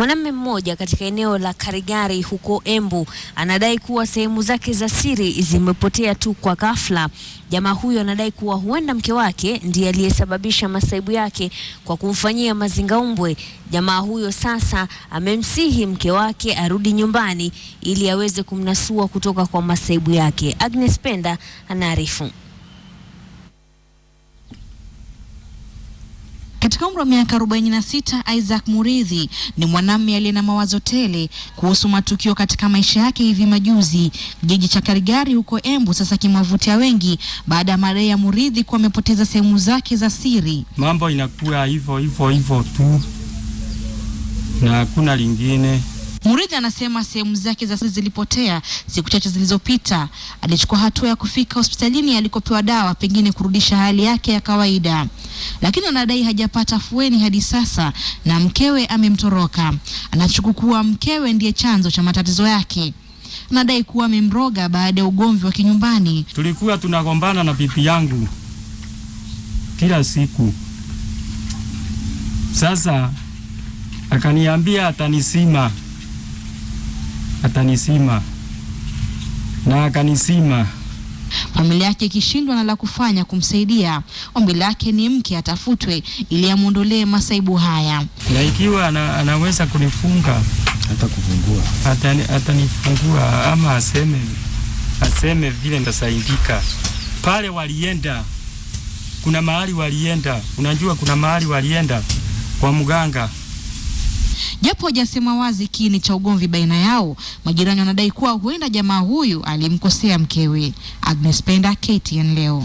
Mwanamume mmoja katika eneo la Karigari huko Embu anadai kuwa sehemu zake za siri zimepotea tu kwa ghafla. Jamaa huyo anadai kuwa huenda mke wake ndiye aliyesababisha masaibu yake kwa kumfanyia mazingaumbwe. Jamaa huyo sasa amemsihi mke wake arudi nyumbani ili aweze kumnasua kutoka kwa masaibu yake. Agnes Penda anaarifu. Katika umri wa miaka 46, Isaac Muridhi ni mwanamume aliye na mawazo tele kuhusu matukio katika maisha yake. Hivi majuzi kijiji cha Karigari huko Embu sasa kimavutia wengi baada ya madai ya Muridhi kuwa amepoteza sehemu zake za siri. Mambo inakuwa hivyo hivyo hivyo tu na hakuna lingine. Muridhi anasema sehemu zake za siri zilipotea siku chache zilizopita. Alichukua hatua ya kufika hospitalini alikopewa dawa, pengine kurudisha hali yake ya kawaida lakini anadai hajapata fueni hadi sasa na mkewe amemtoroka. Anashuku kuwa mkewe ndiye chanzo cha matatizo yake. Anadai kuwa amemroga baada ya ugomvi wa kinyumbani. Tulikuwa tunagombana na bibi yangu kila siku, sasa akaniambia atanisima, atanisima na akanisima familia yake ikishindwa na la kufanya kumsaidia, ombi lake ni mke atafutwe ili amwondolee masaibu haya, na ikiwa ana, anaweza kunifunga atakufungua, atanifungua ama aseme, aseme vile ndasaidika. Pale walienda kuna mahali walienda, unajua kuna mahali walienda kwa mganga Japo hajasema wazi kiini cha ugomvi baina yao, majirani wanadai kuwa huenda jamaa huyu alimkosea mkewe. Agnes Penda, KTN leo.